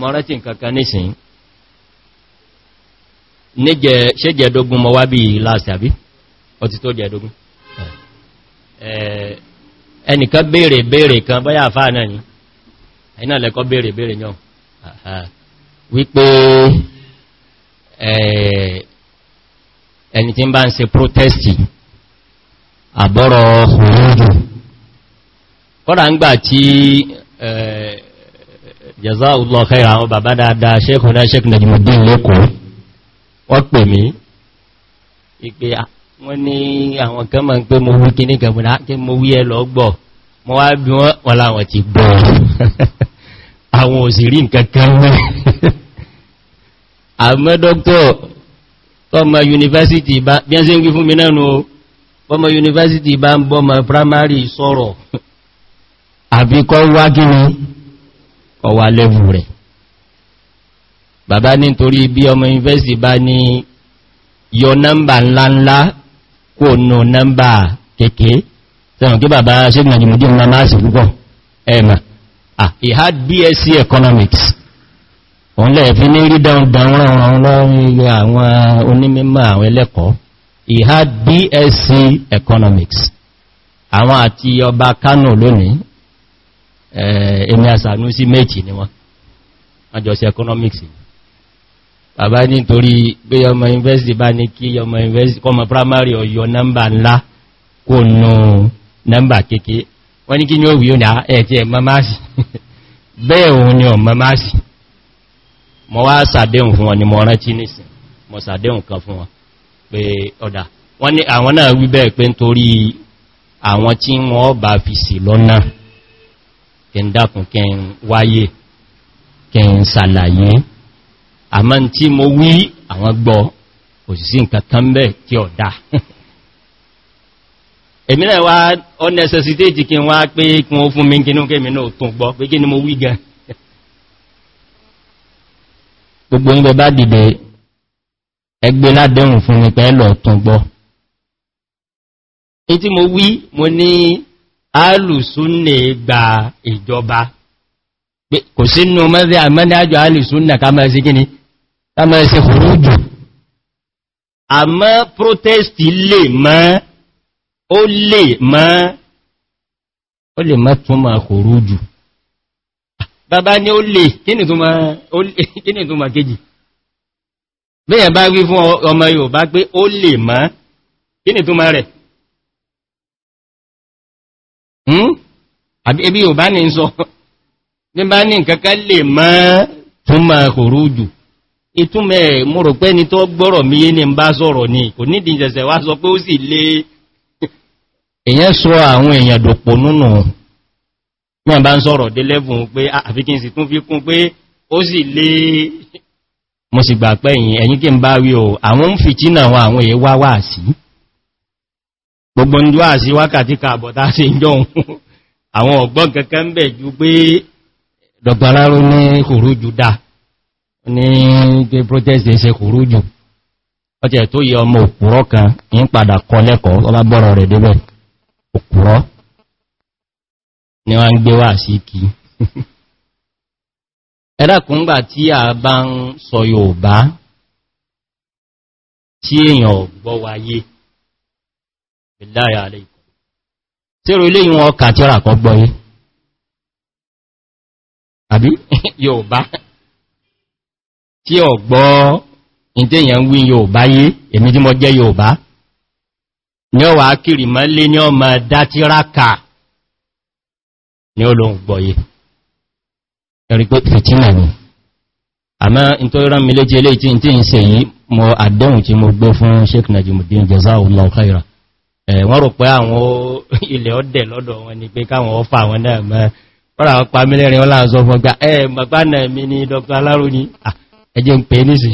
mọ́rántí nǹkankan nísìn ṣe jẹ́dógún mọ́ wá bí last àbí ọtí tó jẹ́dógún ẹnìkan béèrè béèrè kan báyà àfáà náà ni ẹ̀nà lẹ́kọ́ béèrè béèrè yàn wípé ẹni tí ń bá ń ṣe protesti àbọ́rọ̀ òrùn kọ́dà jazakallahu khairan àwọn bàbá dáadáa ṣékùn náà ṣékùn Najmuddin lẹ́kọ̀ọ́ wọ́n pè mí ìpé ah, wọ́n ní àwọn kan mọ̀ pé mo wí kíní gẹ̀mùdá ah, kí mo wí ẹ lọ gbọ́ mo wá bí wọ́n wọ́n láwọn ti gbọ́ àwọn òsìrí nǹkan kan mẹ́ àmọ́ dókítọ̀ tọ́mọ yunifásitì bá bí ẹ́ sí ń gbí mi náà nù bọ́mọ yunifásitì bá ń bọ́mọ primary sọ̀rọ̀ àbíkọ́ wá gíní ọwà lẹ́wù rẹ̀ bàbá nítorí bí ọmọ yúnivẹ́sì bá ní yọ nọ́mbà ńláńlá kò nù nọ́mbà kéèké tẹ́wọ̀n kí bàbá ṣégun àjìmọ̀dí ọmọ máa púpọ̀ ẹ̀mà he had BSc economics òun lẹ́ẹ̀ fi ní rí dáun dáun he had BSc economics àwọn àti ọba Kano lónìí Eh, èmi àsànú sí méjì ni wọ́n àjọsí economics bàbá ní torí pé ọmọ university bá ní kí ọmọ university kọmọ primary ọ̀yọ́ nọ́mbà ńlá kò nù nọ́mbà kéèké wọ́n ní kí ní ó wí ní ẹ̀tí ẹ̀mọ́ bẹ́ẹ̀ òun ni ọmọ máa sì mọ́ wá sàdéhùn fún wọn ni mọ́ rántí nìsìn mọ́ sàdéhùn kan fún wọn pé ọ̀dà wọ́n ní àwọn náà wí pé nítorí àwọn tí wọ́n bá fi sí lọ́nà kí ń dákùn kí ń wáyé kí ń sàlàyé àmá tí mo wí àwọn gbọ́ òsìsí nǹkan kan bẹ́ kí ọ̀dá èmi náà wá unnecessitate kí wá pé kí wọ́n fún mi kínú kémi náà tún gbọ́ pé kí ni mo wí gan gbogbo ń bẹ bá dìde ẹgbẹ́ ládẹ́hùn fún mi pẹ́ lọ tún gbọ́ alùsúnnà gba ìjọba kò sínú mẹ́sẹ̀ àmẹ́dájọ alùsúnnà ká máa sí kíní ká máa sí fúrújù àmọ́ protest lè mọ́ ó lè mọ́ ó lè mọ́ tún máa fúrújù bàbá ní ó lè kíni tó máa kéjì bẹ́yàn bá wí fún ọmọ Yorùbá pé ó lè mọ́ kíni tó máa rẹ̀ Hmm? àbí ẹbí ò bá ní sọ ní bá ní kankan lè mọ́ túnmọ̀ pé ni tó gbọ́rọ̀ mi yé ní bá ni kò jẹsẹ̀ sọ pé ó sì lé èyàn sọ àwọn èèyàn dòpò nínú náà bá ń sọ̀rọ̀ dé lẹ́bùn pé ah, àfikín sì tún fi kún pé ó sì lé gbogbo ń dúwà sí wákàtí kààbọ̀tá sí ìjọ ohun àwọn ọ̀gbọ́n kankan ń bẹ̀ ju pé dọ̀gbàráró ní kòrójù dá ní gbé protest ẹsẹ kòrójù ọjọ́ tó yẹ ọmọ òkúrọ́ kan ń padà kọ lẹ́kọ̀ọ́ ọba gbọ́rọ̀ rẹ̀ débẹ̀ òkúrọ́ ni wọ́n ń gbé wà sí kí tí èèyàn ọ̀gbọ́ wáyé ìláyà alẹ́ tíro ilé ìwọ̀n ọkà tí ó rà gbọ́ yí àbí Yorùbá tí gbọ́ ìdíyàn wí Yorùbá yí èmi tí mọ́ jẹ́ bá ní ọwà kiri mọ́ lé ní ọmọ dátíráka ní olóhùn gbọ́ yí ẹ̀rí pé fìtínà àmá ìtọ́rọ̀ mi ilé mọ́ tí mo gbọ́ fún Sheikh Najimuddin khaira wọ́n rò pé àwọn ilẹ̀ ọdẹ̀ lọ́dọ̀ wọn ni pé káwọn ọfà àwọn náà mẹ́ pọ́lá ọpa mílẹ̀rin ọlá àzọ fọ́gbà ẹ bàbá náà mi ni dr aláró ní ẹjẹ́ ń pè nìsì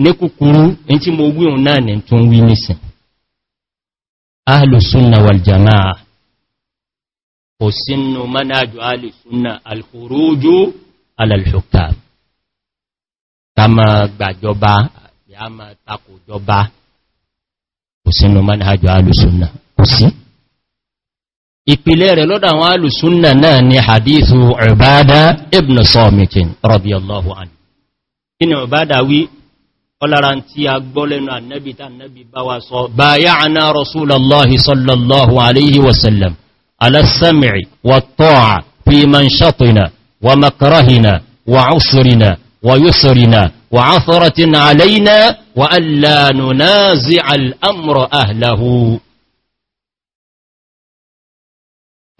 ní kúkúrú ní tí mo wíhun náà ní tún wí nìsìn ahlùsúnnà wàljàmá kò sínú manájú takò jọba kò sínú manhajjọ alùsùnà kò sí ìpìlẹ̀ rẹ̀ lọ́dọ̀ àwọn alùsùnà náà ni hadithu ọ̀bádá ibn sọ́mìkín rọ̀bíọ̀lọ́hu anhu inú ọ̀bádá wí ọlára tí a gbọ́ lẹ́nu annabi ta annabi bá wa sọ bá yáàna rasulallahi sallallahu alaihi وعثرة علينا وألا ننازع الأمر أهله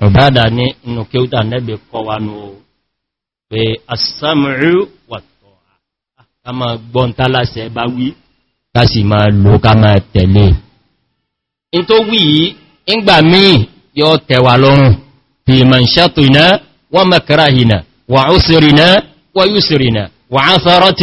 عبادة نكيوتا نبي قوانو في السمع والطاعة كما قلت الله سيباوي كاسي ما لو كما تلي انتو وي انبا مي يو تيوالون في منشطنا ومكرهنا وعسرنا ويسرنا وعثرة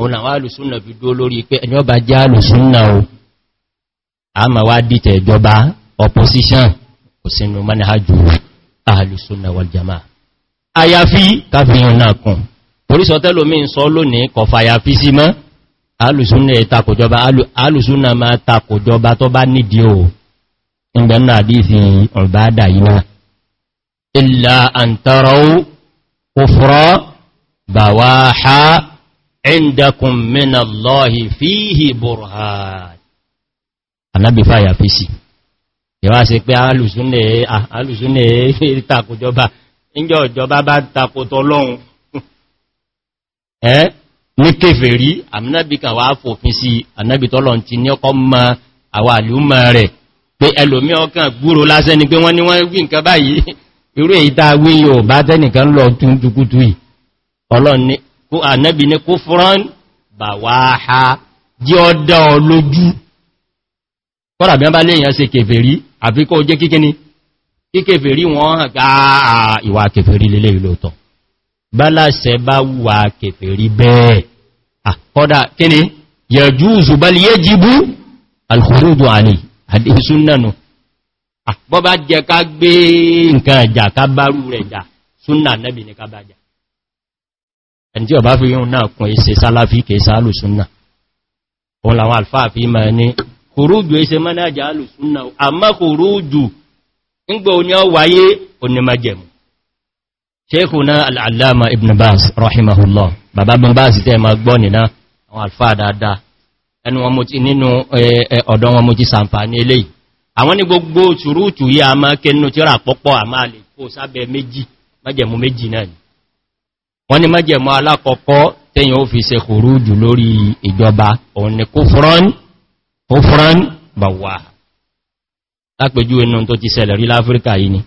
òun àwọn alùsúnnà fi dúó lórí pé ẹni ọba jẹ́ alùsúnnà o a ma wá dìtẹ̀ ìjọba opposition kò sínú manhajjú alùsúnnà wal jama àyàfí káfíyàn náà kùn orísọtẹ́lò mi ń sọ lónìí kọ̀ fàyàfí sí mọ́ alùsúnnà ìtakòjọba alùsúnnà ma takòjọba tó bá nídìí o ẹ̀ndàkùn mẹ́nà lọ́hì fíhì burhan anábì fàyà fèsì ìwá sí pé alùsúnẹ̀ takòjọba ìjọ ìjọba bá takòtọ lọ́hun ẹ́ ní kèfèrí àmìnàbì kan wà fòfin sí anábì tọ́lọ̀ ti ní ọkọ̀ mọ́ àwà àlúmọ́ rẹ̀ pé ẹlòmí ọkàn gbúrò lásẹ́ ni pé wọ́n ní wọ́n wí nǹkan báyìí irú èyí tá wí yóò bá tẹ́nìkan lọ tún tukutu yìí ọlọ́ni ànábì ní kó fúrán bà wá ha jí ọdá ọ lójú kọ́rà bí wọ́n bá léèyàn ṣe kèfèrí àfi kó jẹ́ kíkíní kí kèfèrí wọ́n hàn gáà ìwà kèfèrí lélẹ̀ ìlòtọ̀ bálàṣẹ bá wà kèfèrí bẹ́ẹ̀ àkọ́dà kíní yẹjúùsù bá lè yẹjibú alkhurudu àlè àdísúnnànù àbọ́bá jẹ ká gbé nǹkan ẹ̀jà ká bárú rẹ̀ jà súnnà nẹ́bì ká bá jà ẹ̀ntí ọ̀bá fi yíò náà kún ẹsẹ sálàfí kẹsà alùsúnnà òun làwọn alfáà fi ma ní kòrújù ẹsẹ mọ́nájà alùsúnnà àmá kòrújù ńgbà oní ọwáyé onímọ̀jẹ̀mù ibn bas rahimahullah bàbá bin bas tẹ́ ma gbọ́ nìna àwọn alfáà dáadáa ẹnu wọn mo ti nínú ọ̀dọ́ wọn mo ti sàǹfàní eléyìí àwọn ní gbogbo ṣùrútù yìí a máa kẹnu tíra pọ́pọ́ a máa lè kó sábẹ́ méjì májẹ̀mú méjì náà ni wọ́n ni májẹ̀mọ́ alákọ̀ọ́kọ́ tẹ́yìn ó fi ṣe kòrújù lórí ìjọba òun ni kúfrán bàwà lápẹjú inú tó ti ṣẹlẹ̀ rí láfíríkà yìí ni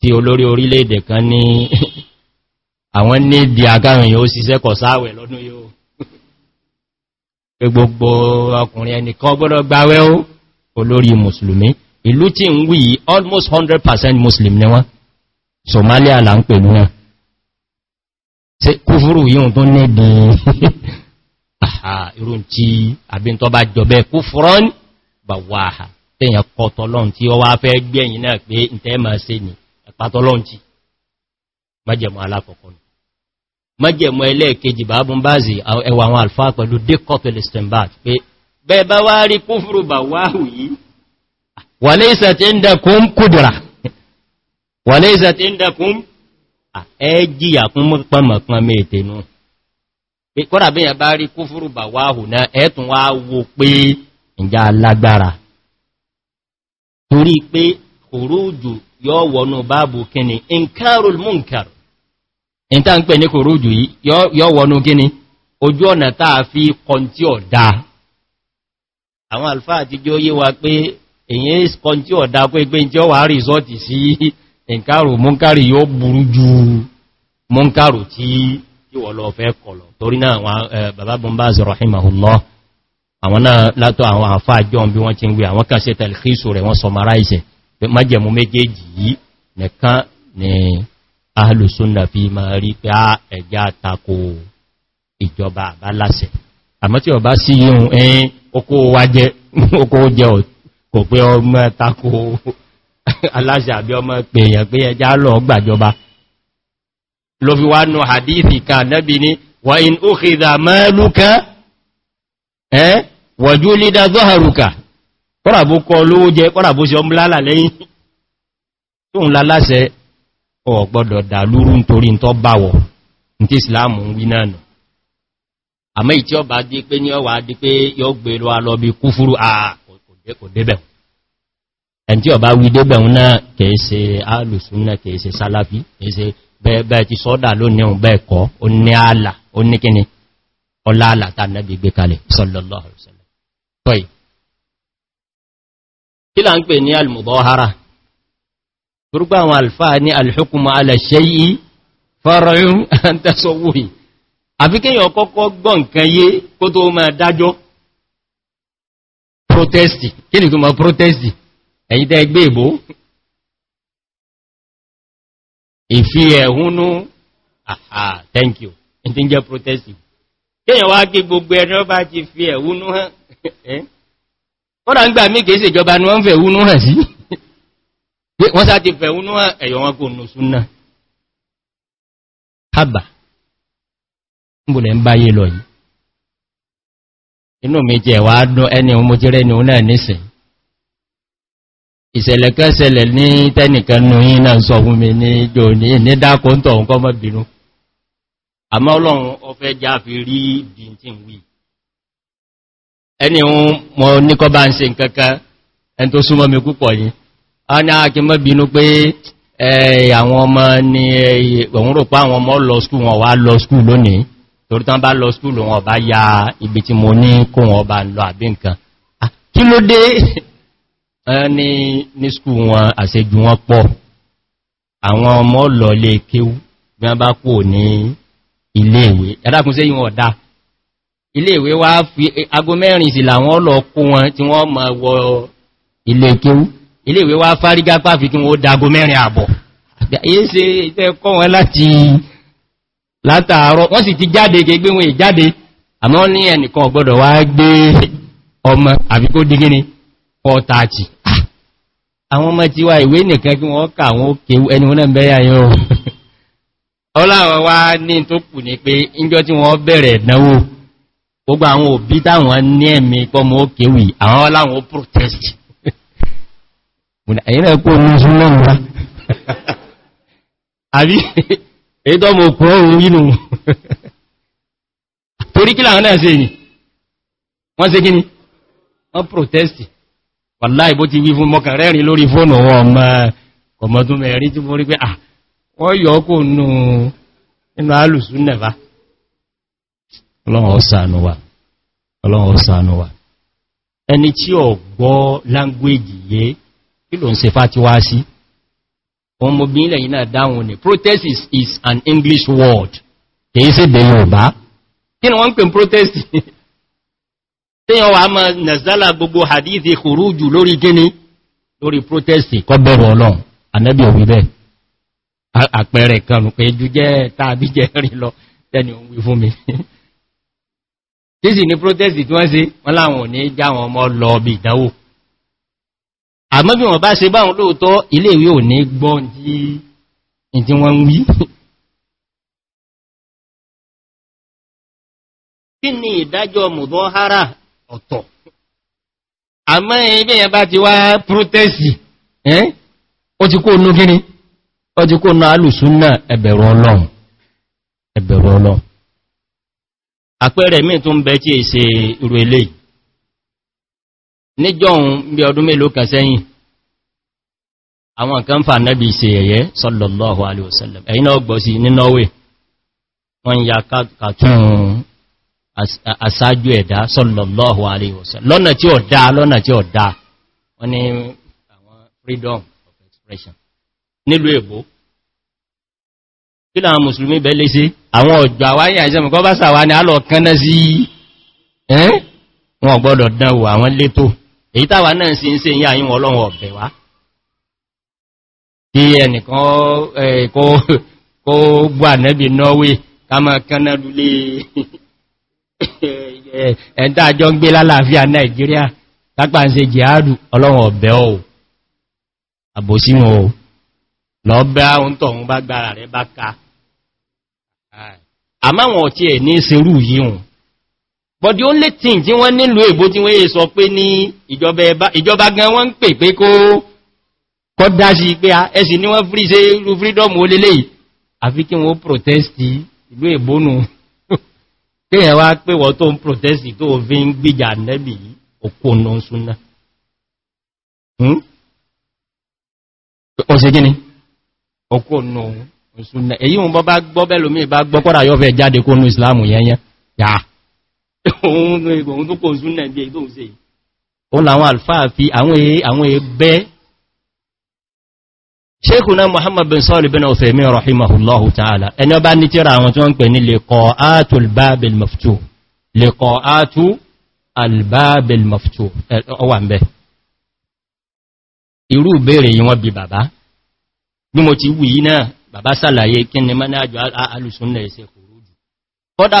tí olórí orílẹ̀-èdè kan ní àwọn ní di agárin yóò ṣiṣẹ́ kọ̀ sáwẹ̀ lọ́dún yóò muslim ni Somalia là ń pè ní náà ṣe kúfúrù yíò tó nẹ́dì irú tí àbí tó bá jọ bẹ́ kúfúrán bà wà á tẹ́yàn kọtọlọ́n tí ó wá fẹ́ gbẹ̀yìn náà pé ìtẹ́ máa ṣe ní ẹ̀pàtọlọ́n tí májẹ̀mú alákọ̀ọ́kọ́ alfa pẹ̀lú dékọ̀tẹ̀lẹ̀stẹ̀mbàt pé bẹ́ẹ̀ bá wá rí kúfúrù bà wáhù yìí wà lẹ́ìsẹ̀ tí ń dẹ̀kún kúdùrà wà lẹ́ìsẹ̀ tí ń ẹjíyà fún mọ́pọ̀mọ̀kan mẹ́ẹ̀tẹ̀ náà kọ́dà bí yẹn bá rí kó fúrùbà wáhù náà ẹ̀tùn wá wo pé ìjà alágbára torí pé kòrójù yọ wọnú báàbù kíni inkarul munkar in ta ń pè ní yọọ yọ wọnú kíni ojú ọ̀nà táa fi kọntí ọ̀dá àwọn alfáà ti jọ pé èyí kọntí ọ̀dá pé jọ wà ìkàrò mọ́nkàrì yóò burú ju mọ́nkàrò tí ìwọ̀lọ̀ fẹ́ kọ̀lọ̀ torí náà àwọn eh, bàbá Bombaz rahimahullah àwọn náà látọ̀ àwọn àfáàjọ́ bí wọ́n ti ń gbé àwọn kan ṣe tàlìkísù rẹ̀ wọ́n summarize pé májẹ̀mú méjèèjì yìí nìkan ni ahlùsúnnà fi máa rí pé ah, aláṣà àbí ọmọ pèèyàn pé ẹjá lọ gbàjọba ló fi wá nù hadithi ka nẹ́bi ní wà in ó kìdà mẹ́lúkà ẹ́ wọ̀jú lídá zọ́hàrùkà kọ́ràbó kọ lówó jẹ kọ́ràbó sí ọmọlálà lẹ́yìn tó ń laláṣẹ ọ̀gbọ́dọ̀ dàlúrú nítorí tọ́ báwọ̀ tí islam ń wí náà àmọ́ ìtí ọba dí pé ní ọwà dí pé yọ gbèrò ẹni tí ọba wídé bẹ̀rún náà kèése alùsúnnà kèése sálàfí kèése bẹ́ẹ̀ ti sọ́dà lónìí òun bẹ́ẹ̀ kọ́ ó ní ààlà ó ní kíni ọlá ààlà tà nẹ́bí gbé kalẹ̀ sallallahu alaihi wasallam tọ́yì kí là ń pè ní al-mudahara turba protesti kí ni tó máa protesti ẹ̀yí tẹ́ gbé ìbò ìfi ẹ̀húnú àhà thank you in ti ń jẹ́ protesting kíyàn wá kí gbogbo ẹni ọba ti fi ẹ̀húnú hàn kọ́dà ń gbà mí kìí ṣèjọba ni wọ́n fẹ̀ ẹ̀húnú hàn sí wọ́n sá ti fẹ̀ ẹ̀húnú hàn ẹ̀yọ̀ wọn kò nù súnà haba mbùlẹ̀ ń báyé lọ yìí inú mi jẹ́ wàá dún ẹni ohun mo ti ni òun náà nísìnyí ìṣẹ̀lẹ̀kẹ́ṣẹlẹ̀ ní tẹ́nìkanú yí náà sọ fún mi ní jò ní ní dákò ń tọ̀hún kọmọ̀ bínú àmọ́ ọlọ́run ọfẹ́ já fi rí bìntín wí ẹni ohun mọ̀ níkọ́ bá ń ṣe nkankan ẹn tó súnmọ́ mi púpọ̀ yìí a ní ààkí mọ́ bínú pé àwọn ọmọ ni òun rò pá àwọn ọmọ lọ skúl wọn wá lọ skúl lónìí torí tán bá lọ skúl wọn bá ya ní ní skú wọn àṣejù wọn pọ̀ àwọn ọmọ lọ lè kéwú bí wọ́n bá kò ní iléèwé ẹ̀dàkùn sí ìwọ̀n ọ̀dá iléèwé wá fi ago mẹ́rin sí làwọn lọ kó wọn tí wọ́n ma wọ ilé kéwú iléèwé wá fárígá pàfi kí wọ́n dago mẹ́rin àbọ̀ àmọ́ ní ẹnìkan ọ̀gbọ́dọ̀ wá gbé ọmọ àbíkó dígíní 430 àwọn ọmọ ti wá ìwé nìkan kí wọ́n kà wọ́n kéwú ẹni wọ́n náà bẹ́yà yóò ọláwọn wá ní tó kù ní pé tí wọ́n bẹ̀rẹ̀ ìdánwò gbogbo àwọn òbí táwọn ní ẹ̀mí pọ́mọ kéwì àwọn ọláwọn protest wàláì bó ti wí fún mọ́kàn rẹ́rin lórí fóònù wọn ọmọ ọmọdún mẹ́rin tí mo rí pé ah wọ́n yọ kò nù nínú alùsù nẹ̀fà ọlọ́run ó ṣàánú wa ọlọ́run ó wa ẹni tí ó gbọ́ láńgbéjì yé kí ló ń ṣe fá ti wá sí wọn mo náà dáhùn protest is, is an English word kìí sí dẹ̀ Yorùbá kí ni protest tíyàn wà mọ̀ nàzálà gbogbo hadithi kùrújù lórí gíní lórí protesti kọ bẹ̀rù ọlọ́run anẹ́bí òwú bẹ́ àpẹẹrẹ kanù pé jú jẹ́ tàbí jẹ́ rí lọ tẹ́ni òun wí fún mi tí sì ní protest tí wọ́n sí wọ́n láwọn ní já wọn mọ́ lọ bí ìdánwò àmọ́ bí wọ́n bá ṣe báwọn lóòótọ́ iléèwé ò ní gbọ́ tí wọ́n ń wí kí ni ìdájọ́ mùdọ́ hárà ọ̀tọ̀ àmọ́ ẹgbẹ́ yẹn bá ti wá protesti ẹ́n ó ti kó nú gíní ó ti kó nú alùsúnnà ẹ̀bẹ̀rọ ọlọ́run ẹ̀bẹ̀rọ ọlọ́run àpẹẹrẹ mí tún bẹ tí èsè irú ilé níjọun bí ọdún mélòó kan sẹ́yìn àwọn kan fà nẹ́bí ìsè ẹ̀yẹ sallallahu alaihi wasallam ẹ̀yìn náà gbọ́ sí ní Norway wọ́n ya kàtún asájú ẹ̀dá sallallahu alaihi wasallam lọ́nà tí ó dá lọ́nà tí ó dá wọ́n ní àwọn freedom of expression nílùú èbó kí láwọn mùsùlùmí bẹ̀lẹ̀ sí àwọn ọ̀jọ̀ àwáyé àìsẹ́mù kọ́ bá sàwà ní alọ̀ kánná sí wọn gbọ́dọ̀ dánwò àwọn létò èyí táwà náà sí ń se yí àyíwọ̀ ọlọ́run ọ̀bẹ̀ wá tí ẹnìkan kó gbà nẹ́bì Norway ká máa kánná lulé ẹ̀ntà àjọ ń gbé lálàáfíà Nàìjíríà tápà ń ṣe jihadu ọlọ́run ọ̀bẹ̀ ọ̀ àbòsí wọn ò lọ́bẹ̀ àwọn tọ̀hún bá gbára rẹ̀ bá ká àmáwọn ọ̀tí ẹ̀ ní ṣerú yíhun but the only thing tí wọ́n nílò èbó tí wọ́n yẹ sọ pé ní ìjọba gan wọ́n ń pè pé kó kọ́ dá sí pé ẹ̀sìn ni wọ́n free ṣe irú freedom ó lélẹ́yìí àfi kí wọ́n protest ìlú èbónú kéèyàn wá pé wọ́n tó ń protesti tó fi ń gbíjà nẹ́bì yìí òkú ọ̀nà súnná ọ̀sẹ̀ hmm? gíní òkú ọ̀nà súnná èyí wọn bọ́ bá gbọ́ bẹ́lómí bá gbọ́ kọ́dà yọ́ fẹ́ jáde kó nú islamu yẹnyẹn yà ohun tó kò súnná bí ṣékùná muhammad bin sọ́ọ̀lì bin ọ̀fẹ̀mí rahimahullahu ta'ala ẹni ọba ní tíra àwọn tí wọ́n ń pè ní liqa'atu albabil maftuh liqa'atu albabil maftuh ọwà ń bẹ́ irú bèèrè yí wọ́n bí bàbá bí mo ti wù yí náà bàbá sàlàyé kí ni manájú alùsúnnà ẹsẹ kòrójù kọ́dà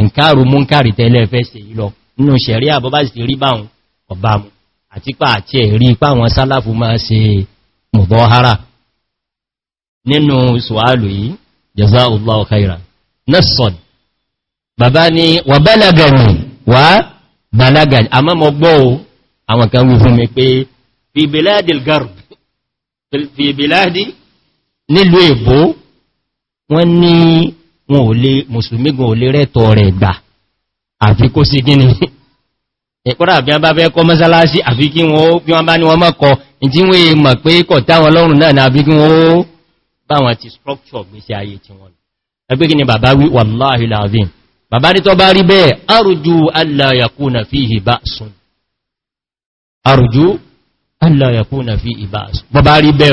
ìǹkàrù múnkàrì tẹ́lẹ̀ fẹ́ ṣe yìí lọ nínú ṣẹ̀rí àbọ́bá sì rí báhùn ọ̀bámu àti pa àti ẹ̀rí ipá àwọn sálàfù máa ṣe mudahara nínú sùwálù yìí jazakallahu khairan nasod bàbá ni wà bálagàní wà bálagàní a mọ́ wọn ò lè mùsùlùmí gan ò lè rẹ́tọ̀ rẹ̀ gbà àfi kó sí gíní ẹ̀kọ́dà bí wọ́n bá fẹ́ kọ́ mọ́sálásí àfi kí wọ́n bí wọ́n bá ní wọ́n mọ́kọ̀ tí wọ́n mọ̀ pé kọ̀ táwọn lọ́rùn náà ní àfi wọ́n bá wọn ti structure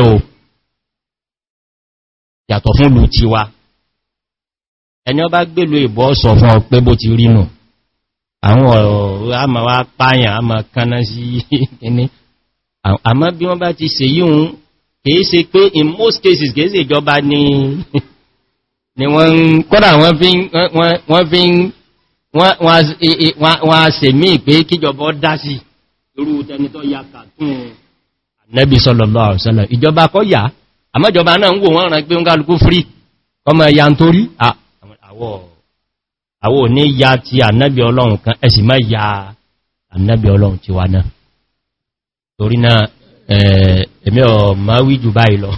yàtọ̀ fún lù tiwa ẹni ọba gbèlú ìbọ́ sọ fún ọ pé bó ti rí nù àwọn ọ̀rọ̀ àmà wá páyàn àmà kaná sí ẹni àmá bí wọ́n bá ti ṣe yíhun kìí ṣe pé in most cases kìí ṣe ìjọba ni wọ́n kọ́dà wọ́n fi wọ́n a ṣe mí pé kíjọba dá sí irú tẹnitọ́ ya kàtún Nabi sallallahu alaihi wasallam ìjọba kọ́ yà àmọ́jọba náà ń wò wọ́n rán pé ń kálukú free ọmọ ìyà ń Hmm. àwọ̀ ní ya ti ànábì ọlọ́run kan ẹ̀sì má ya ànábì ọlọ́run ti wà náà torí náà ẹ̀mí ọ̀ ma wí jù báyìí lọ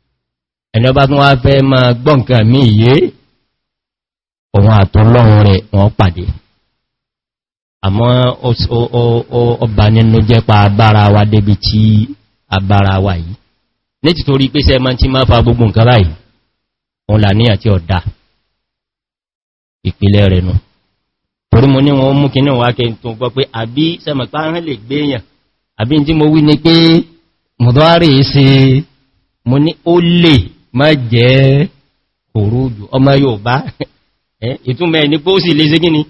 ẹni ọba tún wá fẹ́ ma gbọ́nkan mí yé òun àtọ́lọ́run rẹ̀ wọ́n pàdé àmọ́ ọba nínú jẹ́ pa abára wa débi tí abára wa yìí ní títorí pé sẹ́mọ́ tí máa fa gbogbo nǹkan báyìí òun là ní àti ọ̀dá ìpìlẹ̀ rẹ̀ nù torí mo ní wọn mú kí náà wá kí n tó gbọ́ pé àbí sẹ́mọ̀pá rán lè gbéyàn àbí tí mo wí ní pé mọ̀dọ́rì sí mo ní ó lè má jẹ́ òrújù ọmọ yóò bá ìtúnmẹ́ ní pé ó sì lè ṣe gíní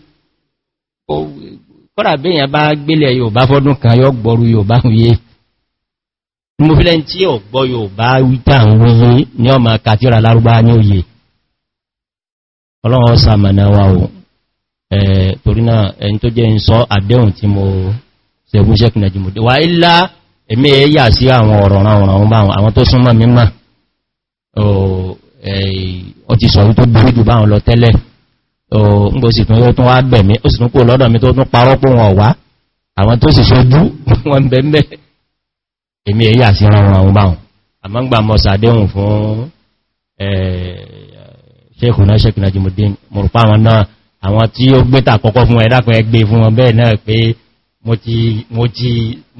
kọ́rà bẹ́yàn ọlọ́run ọsà mọ̀nà wa o torí náà ẹni tó jẹ́ ń sọ àdéhùn tí mo sẹ̀gún sẹ́kùn nàìjíríà wà ilá èmé yà sí àwọn ọ̀rọ̀ ránwọ̀n àwọn tó súnmọ́ mímọ̀ ọ ti sọ̀rọ̀ tó burú jù báwọn lọ tẹ́lẹ̀ ǹgbò sì tún yóò tún wọn bẹ̀mẹ́ èmé yà sí ránwọ̀n àwọn báwọn àmọ́gbà mọ́sàdéhùn fún ṣékùnà ṣékùnà jùmùdín mọ̀rùpá wọn náà àwọn tí ó gbé tàkọ́kọ́ fún ẹ̀dàkùn ẹgbẹ́ fún wọn bẹ́ẹ̀ náà pé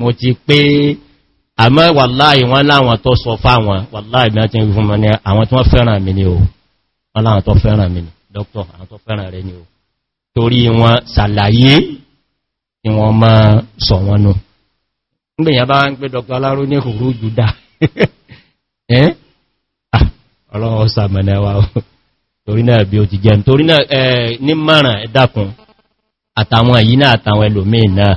mo ti pé àmọ́ wàláì wọ́n láwọn tó sọ fáwọn wàláì bí wọ́n ti ń fún wọn ní àwọn tó fẹ́ràn mi ni o wọ́n láwọn tó fẹ́ràn mi ni dókítọ̀ àwọn tó ni o torí wọn sàlàyé tí wọ́n máa sọ wọn nù torí náà bí ó ti jẹ́ torí náà ní márùn ẹ̀dàkùn àtàwọn èyí náà àtàwọn ẹlòmíì náà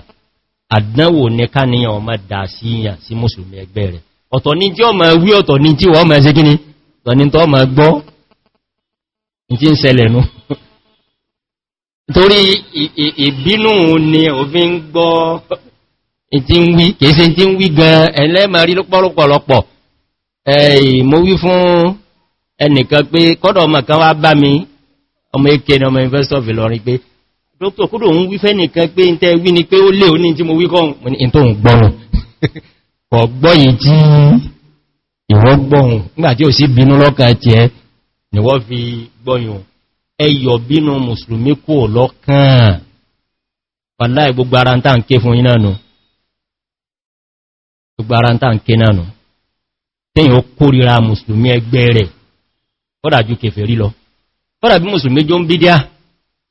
àdánwò ní káníyàn ọmọ dà sí ìyàn sí mùsùlùmí ẹgbẹ́ rẹ̀ ọ̀tọ̀ ní tí ó máa wí ọ̀tọ̀ ní tí wọ́n máa ṣe kíní tọ̀ tọ́ máa gbọ́ tí ń ṣẹlẹ̀ nú torí ìbínú ni òfin ń gbọ́ tí ń wí kèése tí ń wí gan ẹlẹ́màrí lọ́pọ̀lọpọ̀ ẹnìkan pé kọ́dọ̀ ọmọ kan wá bá mi ọmọ èké ní ọmọ University of Ìlọrin pé dókítà kúrò ń wífẹ́ nìkan pé ń tẹ́ wí ni pé ó lè ó ní tí mo wíkọ́ ní tó ń gbọ́nù kọ̀ gbọ́ yìí tí ìwọ gbogbo ara ń tàn ké fún yín nánu gbogbo ara ẹgbẹ́ rẹ̀ kọ́dà ju kèfèrí lọ kọ́dà bí mùsùlùmí jọ ń bídíà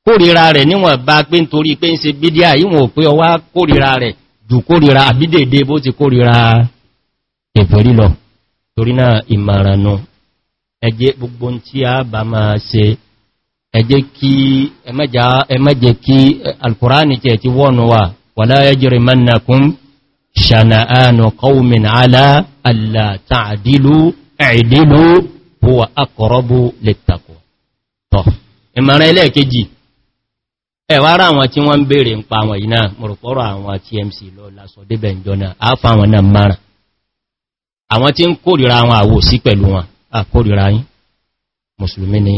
kórìíra rẹ̀ níwọ̀n bá pé nítorí pé ń ṣe bídíà ìwọ̀n pé ọwá kórìíra rẹ̀ jù kórìíra àbídèdè bó ti kórìíra kèfèrí lọ torí náà ìmàrànà ẹjẹ́ gbogbo tí a bá máa ṣe ẹjẹ́ kí ẹmẹ́jẹ́ kí ta'dilu i'dilu huwa akọ̀rọ̀bù lè takọ̀ tọ̀ ìmọ̀ràn ẹlẹ́ẹ̀kejì ẹwà àwọn tí wọ́n ń bèèrè ń pa àwọn yìí náà mọ̀rọ̀pọ̀rọ̀ àwọn tmc lọ lásọ débẹ̀ ìjọ náà àwọn náà mara àwọn tí ń kórìra àwọn àwò sí pẹ̀lú wọn mùsùlùmí ni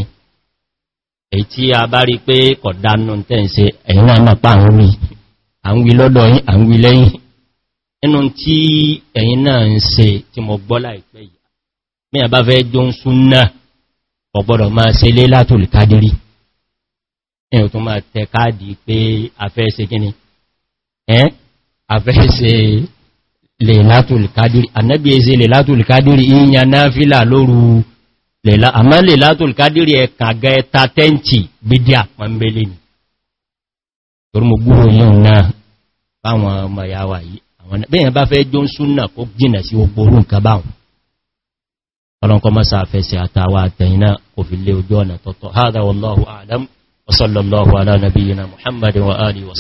èyí a bá rí pé kọ̀dánù tẹ́ǹsẹ ẹ̀yìn náà pa àwọn wí à ń lọ́dọ̀ mí àbá fẹ́ jó ń súnnà ọ̀gbọ́dọ̀ máa ṣe lé látòlì kádírí ẹ̀yìn tó máa tẹ káàdì pé afẹ́ ṣe gíní ẹ́n afẹ́ ṣe lè látòlì kádírí ànábí ẹsẹ lè látòlì kádírí ìyàn náà fílà lóru àmá lè látòlì kádírí ẹ̀kà gẹta tẹ́ǹtì gbídí àpọ̀mbélé ni torí mo gbúrò ọlọ́nkọ́ masá fẹ́sẹ̀ àtàwà àtẹ̀yìnà kò fi lé ojú ọ̀nà tọ́tọ̀ hádà wallahu a'lam wa sallallahu ala nabiyyina muhammadin wa alihi wa